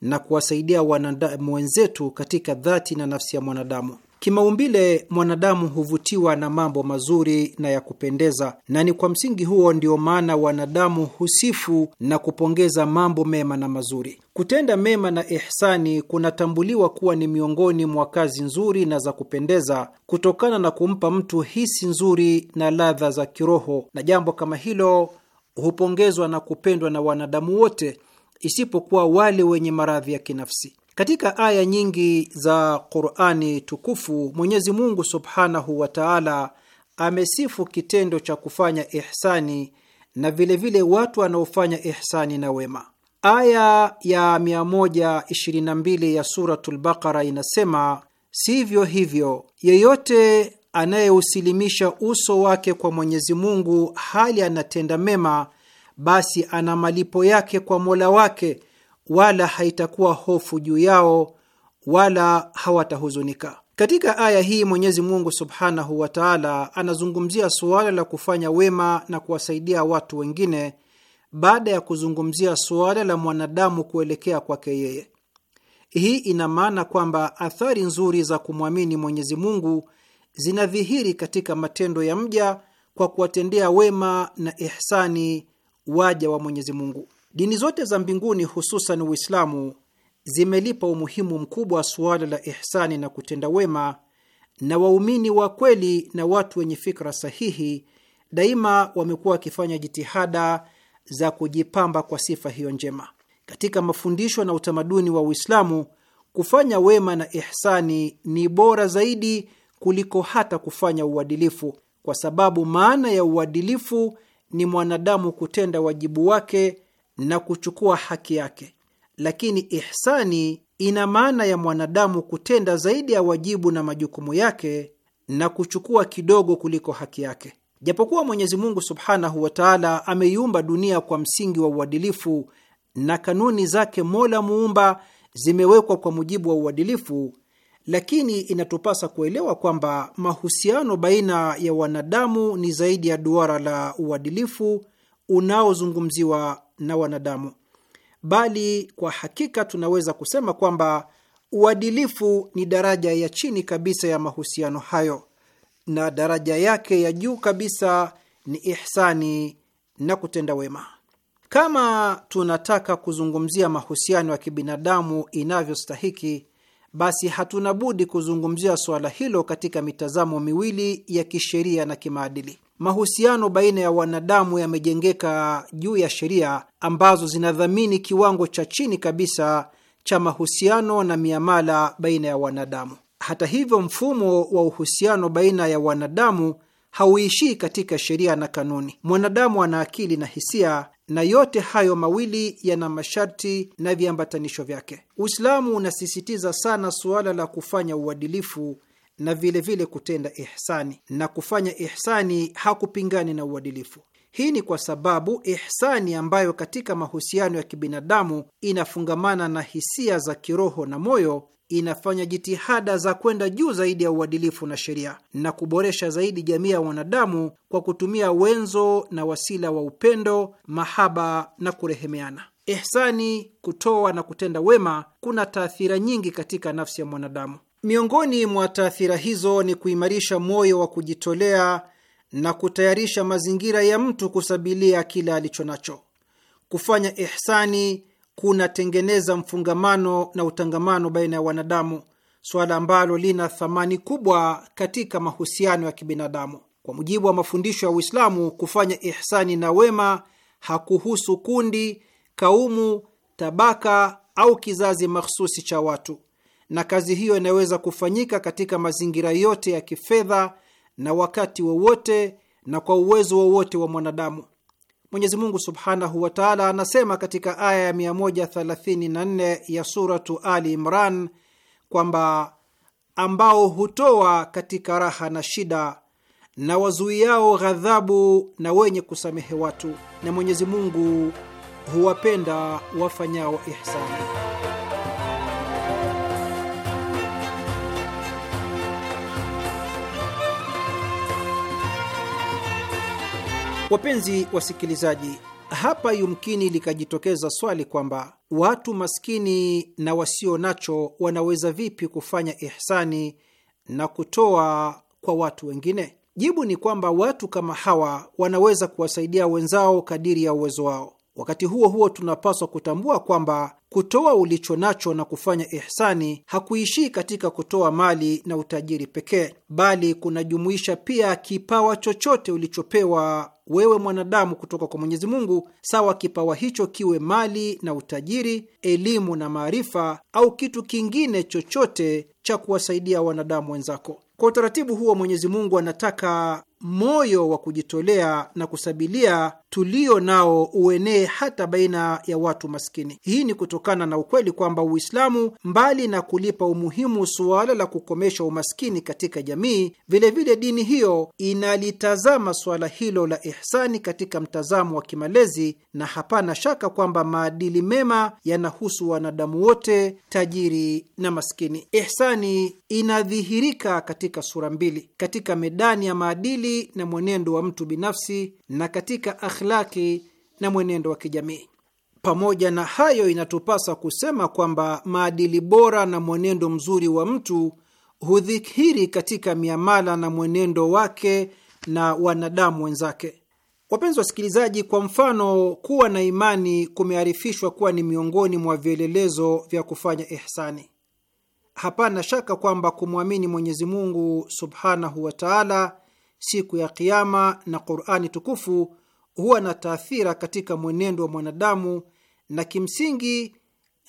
na kuwasaidia wanadamu wenzetu katika dhati na nafsi ya mwanadamu. Kimaumbile mwanadamu huvutiwa na mambo mazuri na ya kupendeza, na ni kwa msingi huo ndio maana wanadamu husifu na kupongeza mambo mema na mazuri. Kutenda mema na ihsani kunatambuliwa kuwa ni miongoni mwa kazi nzuri na za kupendeza kutokana na kumpa mtu hisi nzuri na ladha za kiroho, na jambo kama hilo hupongezwa na kupendwa na wanadamu wote isipokuwa wale wenye maradhi ya kinafsi. Katika aya nyingi za Qurani tukufu Mwenyezi Mungu subhanahu wa taala amesifu kitendo cha kufanya ihsani na vilevile vile watu wanaofanya ihsani na wema. Aya ya 122 ya Suratul Bakara inasema, sivyo hivyo, yeyote anayeusilimisha uso wake kwa Mwenyezi Mungu hali anatenda mema, basi ana malipo yake kwa mola wake wala haitakuwa hofu juu yao wala hawatahuzunika. Katika aya hii Mwenyezi Mungu subhanahu wa taala anazungumzia suala la kufanya wema na kuwasaidia watu wengine baada ya kuzungumzia suala la mwanadamu kuelekea kwake yeye. Hii ina maana kwamba athari nzuri za kumwamini Mwenyezi Mungu zinadhihiri katika matendo ya mja kwa kuwatendea wema na ihsani waja wa Mwenyezi Mungu. Dini zote za mbinguni, hususan Uislamu, zimelipa umuhimu mkubwa wa suala la ihsani na kutenda wema, na waumini wa kweli na watu wenye fikra sahihi daima wamekuwa wakifanya jitihada za kujipamba kwa sifa hiyo njema. Katika mafundisho na utamaduni wa Uislamu, kufanya wema na ihsani ni bora zaidi kuliko hata kufanya uadilifu, kwa sababu maana ya uadilifu ni mwanadamu kutenda wajibu wake na kuchukua haki yake, lakini ihsani ina maana ya mwanadamu kutenda zaidi ya wajibu na majukumu yake na kuchukua kidogo kuliko haki yake. Japokuwa Mwenyezi Mungu subhanahu wa taala ameiumba dunia kwa msingi wa uadilifu na kanuni zake Mola muumba zimewekwa kwa mujibu wa uadilifu, lakini inatupasa kuelewa kwamba mahusiano baina ya wanadamu ni zaidi ya duara la uadilifu unaozungumziwa na wanadamu, bali kwa hakika tunaweza kusema kwamba uadilifu ni daraja ya chini kabisa ya mahusiano hayo na daraja yake ya juu kabisa ni ihsani na kutenda wema. Kama tunataka kuzungumzia mahusiano ya kibinadamu inavyostahiki, basi hatuna budi kuzungumzia suala hilo katika mitazamo miwili ya kisheria na kimaadili mahusiano baina ya wanadamu yamejengeka juu ya sheria ambazo zinadhamini kiwango cha chini kabisa cha mahusiano na miamala baina ya wanadamu. Hata hivyo, mfumo wa uhusiano baina ya wanadamu hauishii katika sheria na kanuni. Mwanadamu ana akili na hisia, na yote hayo mawili yana masharti na viambatanisho vyake. Uislamu unasisitiza sana suala la kufanya uadilifu na vilevile vile kutenda ihsani, na kufanya ihsani hakupingani na uadilifu. Hii ni kwa sababu ihsani ambayo katika mahusiano ya kibinadamu inafungamana na hisia za kiroho na moyo inafanya jitihada za kwenda juu zaidi ya uadilifu na sheria na kuboresha zaidi jamii ya wanadamu kwa kutumia wenzo na wasila wa upendo, mahaba na kurehemeana. Ihsani, kutoa na kutenda wema kuna taathira nyingi katika nafsi ya mwanadamu. Miongoni mwa taathira hizo ni kuimarisha moyo wa kujitolea na kutayarisha mazingira ya mtu kusabilia kila alicho nacho. Kufanya ihsani kunatengeneza mfungamano na utangamano baina ya wanadamu, suala ambalo lina thamani kubwa katika mahusiano ya kibinadamu. Kwa mujibu wa mafundisho ya Uislamu, kufanya ihsani na wema hakuhusu kundi, kaumu, tabaka au kizazi mahsusi cha watu na kazi hiyo inaweza kufanyika katika mazingira yote ya kifedha na wakati wowote wa na kwa uwezo wowote wa, wa mwanadamu. Mwenyezi Mungu subhanahu wa taala anasema katika aya ya 134 ya Suratu Ali Imran kwamba ambao hutoa katika raha na shida na wazuiao ghadhabu na wenye kusamehe watu, na Mwenyezi Mungu huwapenda wafanyao ihsani. Wapenzi wasikilizaji, hapa yumkini likajitokeza swali kwamba watu maskini na wasio nacho wanaweza vipi kufanya ihsani na kutoa kwa watu wengine? Jibu ni kwamba watu kama hawa wanaweza kuwasaidia wenzao kadiri ya uwezo wao. Wakati huo huo, tunapaswa kutambua kwamba kutoa ulicho nacho na kufanya ihsani hakuishii katika kutoa mali na utajiri pekee, bali kunajumuisha pia kipawa chochote ulichopewa wewe mwanadamu kutoka kwa Mwenyezi Mungu, sawa kipawa hicho kiwe mali na utajiri, elimu na maarifa, au kitu kingine chochote cha kuwasaidia wanadamu wenzako. Kwa utaratibu huo, Mwenyezi Mungu anataka moyo wa kujitolea na kusabilia tulio nao uenee hata baina ya watu maskini. Hii ni kutokana na ukweli kwamba Uislamu mbali na kulipa umuhimu suala la kukomesha umaskini katika jamii, vilevile vile dini hiyo inalitazama suala hilo la ihsani katika mtazamo wa kimalezi, na hapana shaka kwamba maadili mema yanahusu wanadamu wote, tajiri na maskini. Ihsani inadhihirika katika sura mbili, katika medani ya maadili na mwenendo wa mtu binafsi na katika kiakhlaki na mwenendo wa kijamii. Pamoja na hayo, inatupasa kusema kwamba maadili bora na mwenendo mzuri wa mtu hudhihiri katika miamala na mwenendo wake na wanadamu wenzake. Wapenzi wasikilizaji, kwa mfano, kuwa na imani kumearifishwa kuwa ni miongoni mwa vielelezo vya kufanya ihsani. Hapana shaka kwamba kumwamini Mwenyezi Mungu subhanahu wa taala, siku ya Kiama na Qurani tukufu huwa na taathira katika mwenendo wa mwanadamu na kimsingi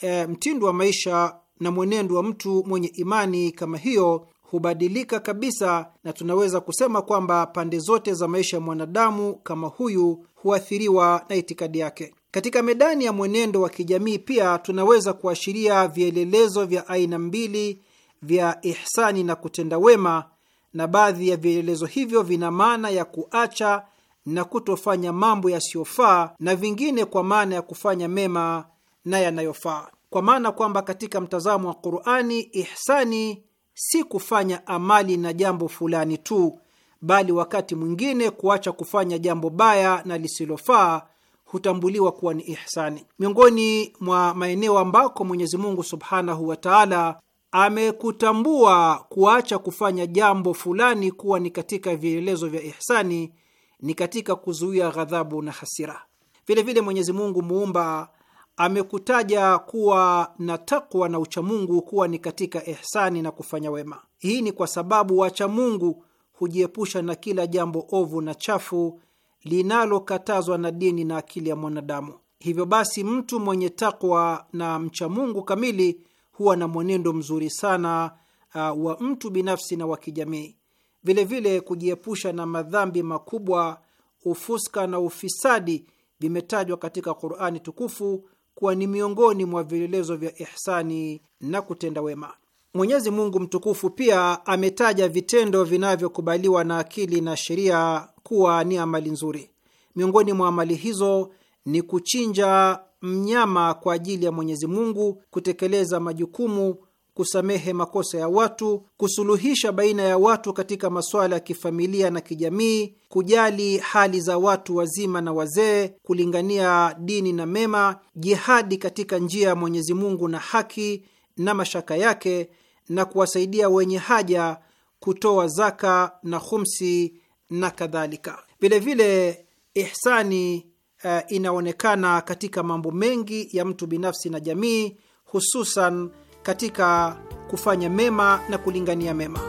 e, mtindo wa maisha na mwenendo wa mtu mwenye imani kama hiyo hubadilika kabisa, na tunaweza kusema kwamba pande zote za maisha ya mwanadamu kama huyu huathiriwa na itikadi yake. Katika medani ya mwenendo wa kijamii pia tunaweza kuashiria vielelezo vya aina mbili vya ihsani na kutenda wema, na baadhi ya vielelezo hivyo vina maana ya kuacha na kutofanya mambo yasiyofaa, na vingine kwa maana ya kufanya mema na yanayofaa, kwa maana kwamba katika mtazamo wa Qur'ani, ihsani si kufanya amali na jambo fulani tu, bali wakati mwingine kuacha kufanya jambo baya na lisilofaa hutambuliwa kuwa ni ihsani. Miongoni mwa maeneo ambako Mwenyezi Mungu Subhanahu wa Ta'ala amekutambua kuacha kufanya jambo fulani kuwa ni katika vielelezo vya ihsani ni katika kuzuia ghadhabu na hasira. Vilevile Mwenyezi Mungu muumba amekutaja kuwa na takwa na uchamungu kuwa ni katika ihsani na kufanya wema. Hii ni kwa sababu wachamungu hujiepusha na kila jambo ovu na chafu linalokatazwa na dini na akili ya mwanadamu. Hivyo basi, mtu mwenye takwa na mchamungu kamili huwa na mwenendo mzuri sana uh, wa mtu binafsi na wa kijamii. Vilevile, kujiepusha na madhambi makubwa, ufuska na ufisadi vimetajwa katika Qurani tukufu kuwa ni miongoni mwa vielelezo vya ihsani na kutenda wema. Mwenyezi Mungu mtukufu pia ametaja vitendo vinavyokubaliwa na akili na sheria kuwa ni amali nzuri. Miongoni mwa amali hizo ni kuchinja mnyama kwa ajili ya Mwenyezi Mungu, kutekeleza majukumu kusamehe makosa ya watu, kusuluhisha baina ya watu katika masuala ya kifamilia na kijamii, kujali hali za watu wazima na wazee, kulingania dini na mema, jihadi katika njia ya Mwenyezi Mungu na haki na mashaka yake, na kuwasaidia wenye haja, kutoa zaka na khumsi na kadhalika. Vilevile ihsani uh, inaonekana katika mambo mengi ya mtu binafsi na jamii, hususan katika kufanya mema na kulingania mema.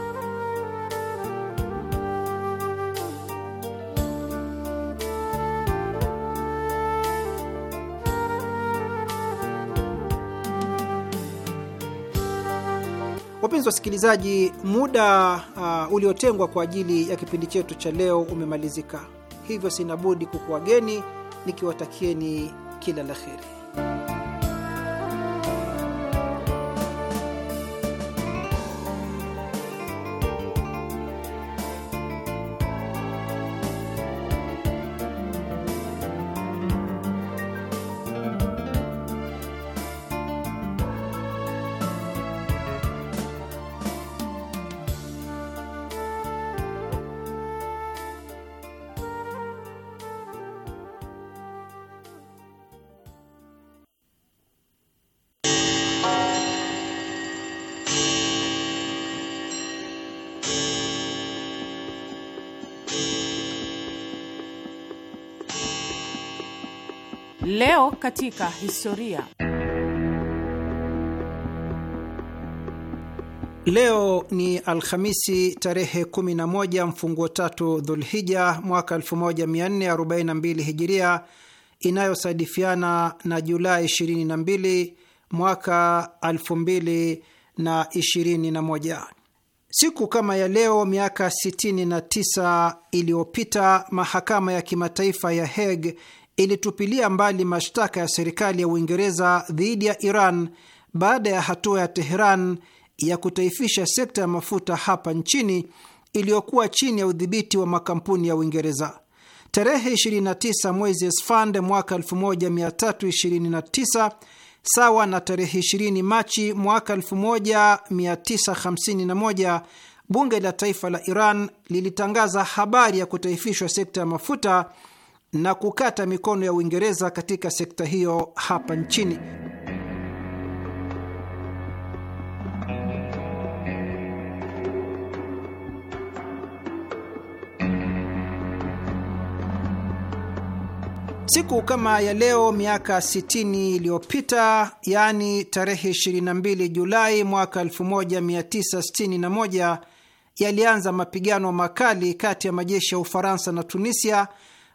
Wapenzi wasikilizaji, muda uh, uliotengwa kwa ajili ya kipindi chetu cha leo umemalizika, hivyo sina budi kukuwageni nikiwatakieni kila la heri. Leo katika historia. Leo ni Alhamisi tarehe 11 mfunguo tatu Dhulhija mwaka 1442 Hijiria, inayosadifiana na Julai 22 mwaka 2021. Siku kama ya leo miaka 69 iliyopita mahakama ya kimataifa ya Hague ilitupilia mbali mashtaka ya serikali ya Uingereza dhidi ya Iran baada ya hatua ya Teheran ya kutaifisha sekta ya mafuta hapa nchini iliyokuwa chini ya udhibiti wa makampuni ya Uingereza. Tarehe 29 mwezi Esfand mwaka 1329 sawa na tarehe 20 Machi mwaka 1951 bunge la taifa la Iran lilitangaza habari ya kutaifishwa sekta ya mafuta na kukata mikono ya Uingereza katika sekta hiyo hapa nchini. Siku kama ya leo miaka 60 iliyopita, yaani tarehe 22 Julai mwaka 1961, yalianza mapigano makali kati ya majeshi ya Ufaransa na Tunisia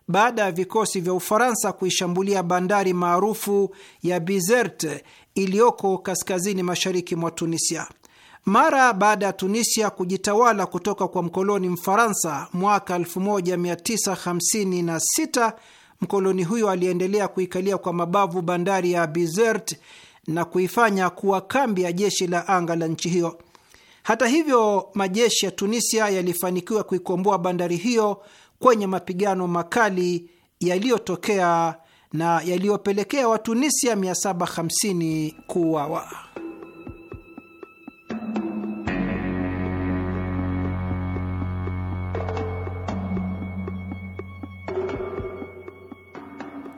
baada ya vikosi vya Ufaransa kuishambulia bandari maarufu ya Bizerte iliyoko kaskazini mashariki mwa Tunisia. Mara baada ya Tunisia kujitawala kutoka kwa mkoloni Mfaransa mwaka 1956, mkoloni huyo aliendelea kuikalia kwa mabavu bandari ya Bizerte na kuifanya kuwa kambi ya jeshi la anga la nchi hiyo. Hata hivyo, majeshi ya Tunisia yalifanikiwa kuikomboa bandari hiyo kwenye mapigano makali yaliyotokea na yaliyopelekea Watunisia 750 kuuawa.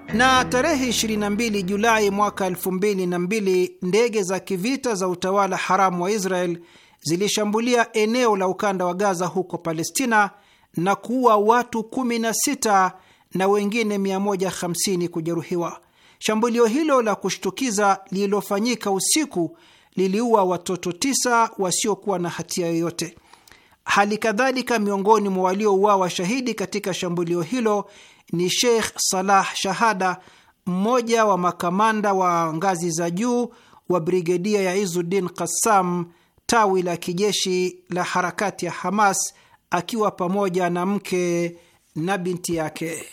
na tarehe 22 Julai mwaka 2002 ndege za kivita za utawala haramu wa Israel zilishambulia eneo la ukanda wa Gaza huko Palestina na kuua watu 16 na wengine 150 kujeruhiwa. Shambulio hilo la kushtukiza lililofanyika usiku liliua watoto tisa wasiokuwa na hatia yoyote. Hali kadhalika, miongoni mwa waliouawa shahidi katika shambulio hilo ni Sheikh Salah Shahada, mmoja wa makamanda wa ngazi za juu wa brigedia ya Izuddin Kassam, tawi la kijeshi la harakati ya Hamas akiwa pamoja na mke na binti yake.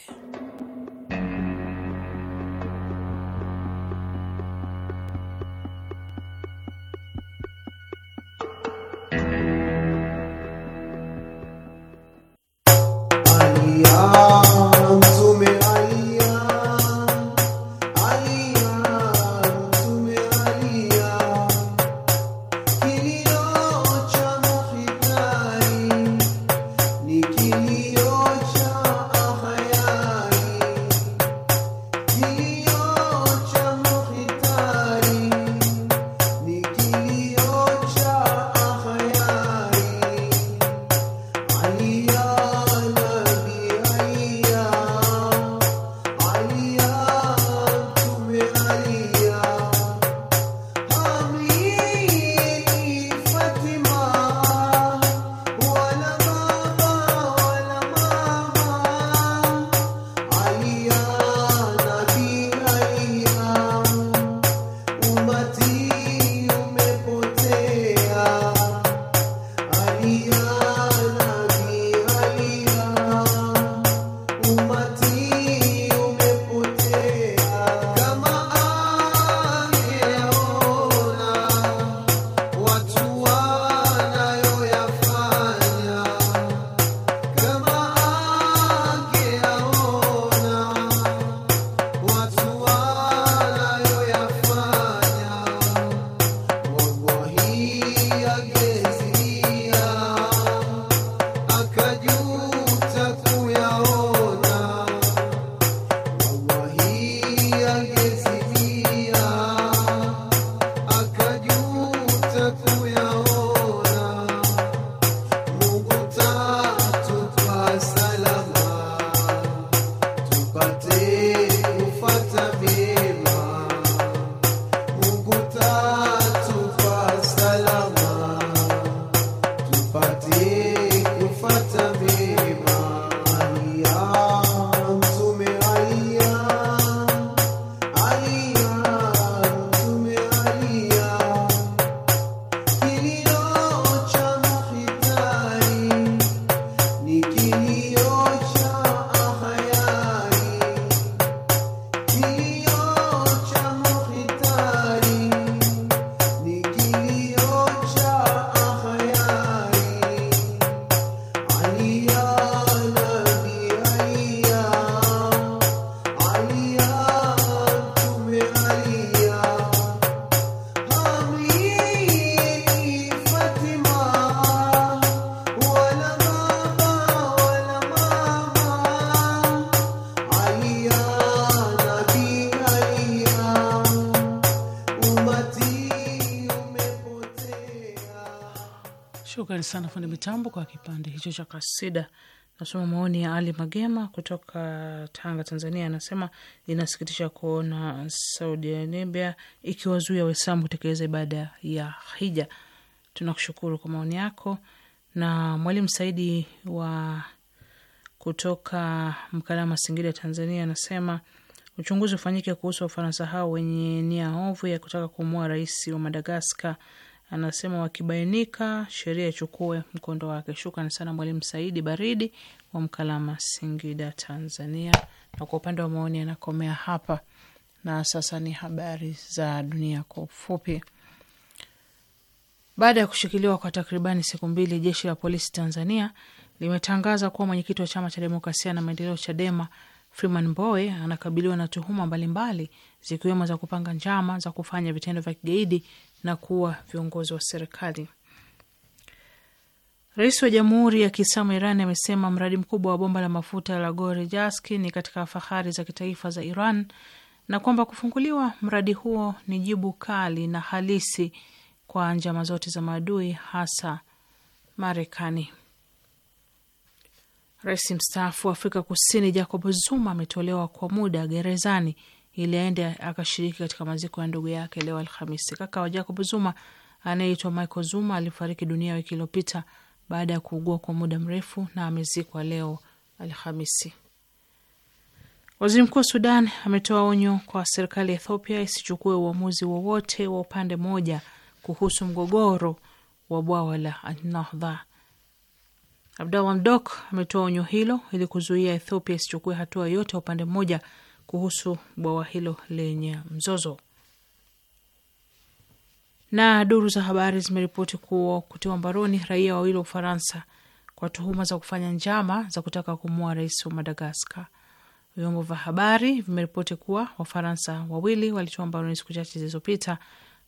Shukrani sana fundi mitambo kwa kipande hicho cha kasida. Nasoma maoni ya Ali Magema kutoka Tanga, Tanzania. Anasema inasikitisha kuona Saudi Arabia ikiwazuia Waislamu kutekeleza ibada ya hija. Tunakushukuru kwa maoni yako. Na Mwalimu Saidi wa kutoka Mkalama, Singida, Tanzania anasema uchunguzi ufanyike kuhusu Wafaransa hao wenye nia ovu ya kutaka kumua rais wa Madagaskar anasema wakibainika sheria ichukue mkondo wake. Shukrani sana Mwalimu Saidi Baridi wa Mkalama, Singida, Tanzania. Na kwa upande wa maoni anakomea hapa, na sasa ni habari za dunia kwa ufupi. Baada ya kushikiliwa kwa takribani siku mbili, jeshi la polisi Tanzania limetangaza kuwa mwenyekiti wa chama cha demokrasia na maendeleo CHADEMA Freeman Mbowe anakabiliwa na tuhuma mbalimbali zikiwemo za kupanga njama za kufanya vitendo vya kigaidi na kuwa viongozi wa serikali. Rais wa Jamhuri ya Kiislamu Iran amesema mradi mkubwa wa bomba la mafuta la jaski ni katika fahari za kitaifa za Iran na kwamba kufunguliwa mradi huo ni jibu kali na halisi kwa njama zote za maadui, hasa Marekani. Rais mstaafu wa Afrika Kusini Jacob Zuma ametolewa kwa muda gerezani ili aende akashiriki katika maziko ya ndugu yake leo Alhamisi. Kaka wa Jacob Zuma anayeitwa Michael Zuma alifariki dunia wiki iliyopita baada ya kuugua kwa muda mrefu na amezikwa leo Alhamisi. Waziri mkuu wa Sudan ametoa onyo kwa serikali ya Ethiopia isichukue uamuzi wowote wa upande moja kuhusu mgogoro wa bwawa la Nahdha. Abdallah Hamdok ametoa onyo hilo ili kuzuia Ethiopia isichukue hatua yote ya upande mmoja kuhusu bwawa hilo lenye mzozo. Na duru za habari zimeripoti kuwa kutiwa mbaroni raia wawili wa Ufaransa kwa tuhuma za kufanya njama za kutaka kumua rais wa Madagaskar. Vyombo vya habari vimeripoti kuwa Wafaransa wawili walitiwa mbaroni siku chache zilizopita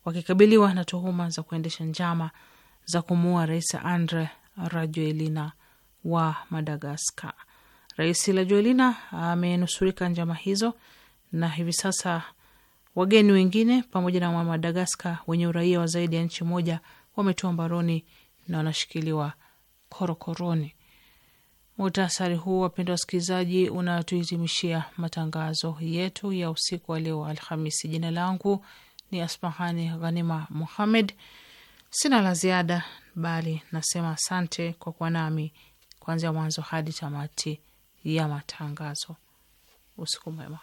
wakikabiliwa na tuhuma za kuendesha njama za kumuua rais Andre Rajoelina wa Madagaskar. Rais Rajoelina amenusurika njama hizo, na hivi sasa wageni wengine pamoja na Wamadagaskar wenye uraia wa zaidi ya nchi moja wametiwa mbaroni na wanashikiliwa korokoroni. Muhtasari huu, wapendwa wasikilizaji, unatuhitimishia matangazo yetu ya usiku wa leo Alhamisi. Jina langu ni Asmahani Ghanima Muhammed. Sina la ziada, bali nasema asante kwa kuwa nami kuanzia mwanzo hadi tamati ya matangazo. Usiku mwema.